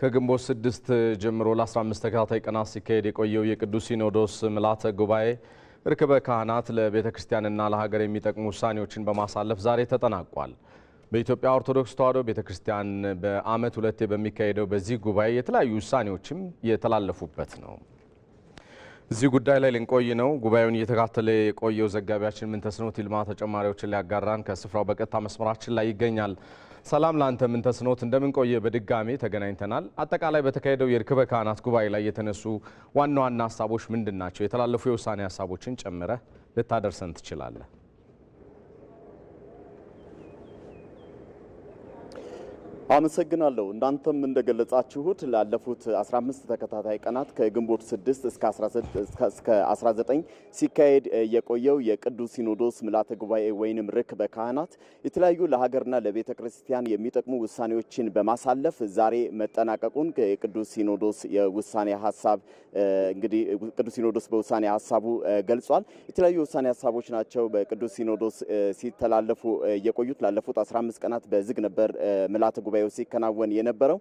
ከግንቦት ስድስት ጀምሮ ለ15 ተከታታይ ቀናት ሲካሄድ የቆየው የቅዱስ ሲኖዶስ ምልዓተ ጉባኤ ርክበ ካህናት ለቤተ ክርስቲያንና ለሀገር የሚጠቅሙ ውሳኔዎችን በማሳለፍ ዛሬ ተጠናቋል። በኢትዮጵያ ኦርቶዶክስ ተዋሕዶ ቤተ ክርስቲያን በዓመት ሁለቴ በሚካሄደው በዚህ ጉባኤ የተለያዩ ውሳኔዎችም የተላለፉበት ነው። እዚህ ጉዳይ ላይ ልንቆይ ነው። ጉባኤውን እየተካተለ የቆየው ዘጋቢያችን ምንተስኖት ይልማ ተጨማሪዎችን ሊያጋራን ከስፍራው በቀጥታ መስመራችን ላይ ይገኛል። ሰላም ለአንተ ምንተስኖት፣ እንደምንቆየ በድጋሜ ተገናኝተናል። አጠቃላይ በተካሄደው የርክበ ካህናት ጉባኤ ላይ የተነሱ ዋና ዋና ሀሳቦች ምንድን ናቸው? የተላለፉ የውሳኔ ሀሳቦችን ጨምረህ ልታደርሰን ትችላለህ? አመሰግናለሁ። እንዳንተም እንደገለጻችሁት ላለፉት 15 ተከታታይ ቀናት ከግንቦት 6 እስከ 19 ሲካሄድ የቆየው የቅዱስ ሲኖዶስ ምልዓተ ጉባኤ ወይንም ርክ በካህናት የተለያዩ ለሀገርና ለቤተ ክርስቲያን የሚጠቅሙ ውሳኔዎችን በማሳለፍ ዛሬ መጠናቀቁን የቅዱስ ሲኖዶስ የውሳኔ ሀሳብ እንግዲህ ቅዱስ ሲኖዶስ በውሳኔ ሀሳቡ ገልጿል። የተለያዩ ውሳኔ ሀሳቦች ናቸው በቅዱስ ሲኖዶስ ሲተላለፉ የቆዩት። ላለፉት 15 ቀናት በዝግ ነበር ምልዓተ ጉባኤ ጉባኤው ሲከናወን የነበረው።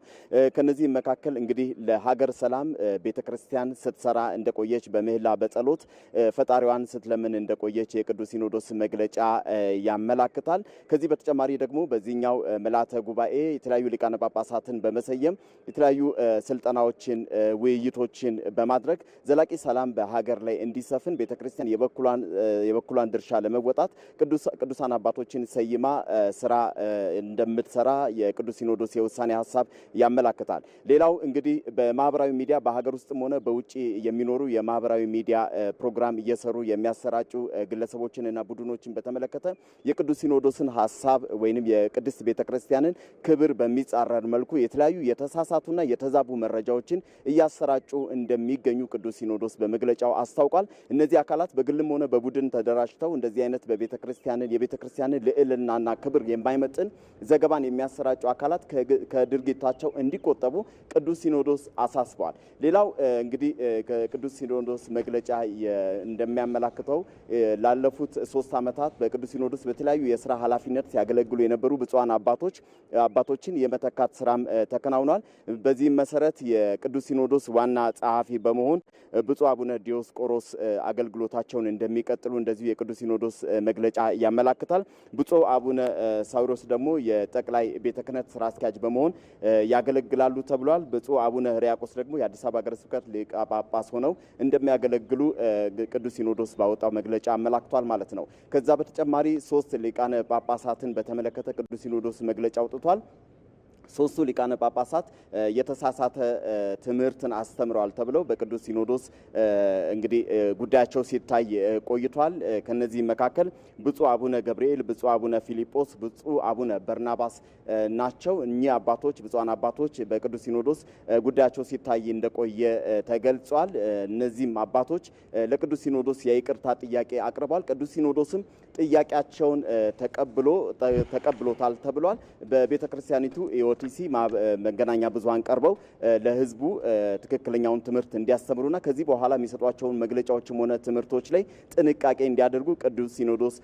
ከነዚህ መካከል እንግዲህ ለሀገር ሰላም ቤተ ክርስቲያን ስትሰራ እንደቆየች በምህላ በጸሎት ፈጣሪዋን ስትለምን እንደቆየች የቅዱስ ሲኖዶስ መግለጫ ያመላክታል። ከዚህ በተጨማሪ ደግሞ በዚህኛው መላተ ጉባኤ የተለያዩ ሊቃነ ጳጳሳትን በመሰየም የተለያዩ ስልጠናዎችን፣ ውይይቶችን በማድረግ ዘላቂ ሰላም በሀገር ላይ እንዲሰፍን ቤተ ክርስቲያን የበኩሏን ድርሻ ለመወጣት ቅዱሳን አባቶችን ሰይማ ስራ እንደምትሰራ የቅዱስ ሲኖዶስ የውሳኔ ሀሳብ ያመላክታል። ሌላው እንግዲህ በማህበራዊ ሚዲያ በሀገር ውስጥም ሆነ በውጭ የሚኖሩ የማህበራዊ ሚዲያ ፕሮግራም እየሰሩ የሚያሰራጩ ግለሰቦችንና ቡድኖችን በተመለከተ የቅዱስ ሲኖዶስን ሀሳብ ወይም የቅድስት ቤተ ክርስቲያንን ክብር በሚጻረር መልኩ የተለያዩ የተሳሳቱና የተዛቡ መረጃዎችን እያሰራጩ እንደሚገኙ ቅዱስ ሲኖዶስ በመግለጫው አስታውቋል። እነዚህ አካላት በግልም ሆነ በቡድን ተደራጅተው እንደዚህ አይነት በቤተ ክርስቲያንን የቤተ ክርስቲያንን ልዕልናና ክብር የማይመጥን ዘገባን የሚያሰራጩ አካላት አካላት ከድርጊታቸው እንዲቆጠቡ ቅዱስ ሲኖዶስ አሳስበዋል። ሌላው እንግዲህ ከቅዱስ ሲኖዶስ መግለጫ እንደሚያመላክተው ላለፉት ሶስት ዓመታት በቅዱስ ሲኖዶስ በተለያዩ የስራ ኃላፊነት ሲያገለግሉ የነበሩ ብፁዓን አባቶች አባቶችን የመተካት ስራም ተከናውኗል። በዚህም መሰረት የቅዱስ ሲኖዶስ ዋና ጸሐፊ በመሆን ብፁ አቡነ ዲዮስቆሮስ አገልግሎታቸውን እንደሚቀጥሉ እንደዚሁ የቅዱስ ሲኖዶስ መግለጫ ያመላክታል። ብፁ አቡነ ሳዊሮስ ደግሞ የጠቅላይ ቤተ ክህነት ስራ አስኪያጅ በመሆን ያገለግላሉ ተብሏል። ብፁዕ አቡነ ሕርያቆስ ደግሞ የአዲስ አበባ ሀገረ ስብከት ሊቀ ጳጳስ ሆነው እንደሚያገለግሉ ቅዱስ ሲኖዶስ ባወጣው መግለጫ አመላክቷል ማለት ነው። ከዛ በተጨማሪ ሶስት ሊቃነ ጳጳሳትን በተመለከተ ቅዱስ ሲኖዶስ መግለጫ አውጥቷል። ሶስቱ ሊቃነ ጳጳሳት የተሳሳተ ትምህርትን አስተምረዋል ተብለው በቅዱስ ሲኖዶስ እንግዲህ ጉዳያቸው ሲታይ ቆይቷል። ከነዚህ መካከል ብፁዕ አቡነ ገብርኤል፣ ብፁዕ አቡነ ፊሊጶስ፣ ብፁዕ አቡነ በርናባስ ናቸው። እኚህ አባቶች ብፁዓን አባቶች በቅዱስ ሲኖዶስ ጉዳያቸው ሲታይ እንደቆየ ተገልጿል። እነዚህም አባቶች ለቅዱስ ሲኖዶስ የይቅርታ ጥያቄ አቅርበዋል። ቅዱስ ሲኖዶስም ጥያቄያቸውን ተቀብሎ ተቀብሎታል ተብሏል። በቤተክርስቲያኒቱ ኦቲሲ መገናኛ ብዙሃን ቀርበው ለህዝቡ ትክክለኛውን ትምህርት እንዲያስተምሩና ከዚህ በኋላ የሚሰጧቸውን መግለጫዎችም ሆነ ትምህርቶች ላይ ጥንቃቄ እንዲያደርጉ ቅዱስ ሲኖዶስ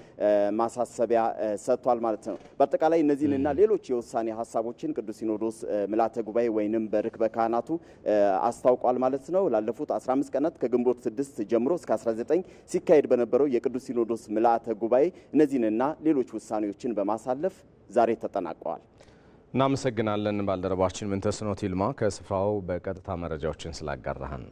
ማሳሰቢያ ሰጥቷል ማለት ነው። በአጠቃላይ እነዚህንና ሌሎች የውሳኔ ሀሳቦችን ቅዱስ ሲኖዶስ ምልዓተ ጉባኤ ወይንም በርክበ ካህናቱ አስታውቋል ማለት ነው። ላለፉት 15 ቀናት ከግንቦት 6 ጀምሮ እስከ 19 ሲካሄድ በነበረው የቅዱስ ሲኖዶስ ምልዓተ ጉባኤ እነዚህንና ሌሎች ውሳኔዎችን በማሳለፍ ዛሬ ተጠናቀዋል። እናመሰግናለን ባልደረባችን ምንተስኖት ይልማ ከስፍራው በቀጥታ መረጃዎችን ስላጋራህን።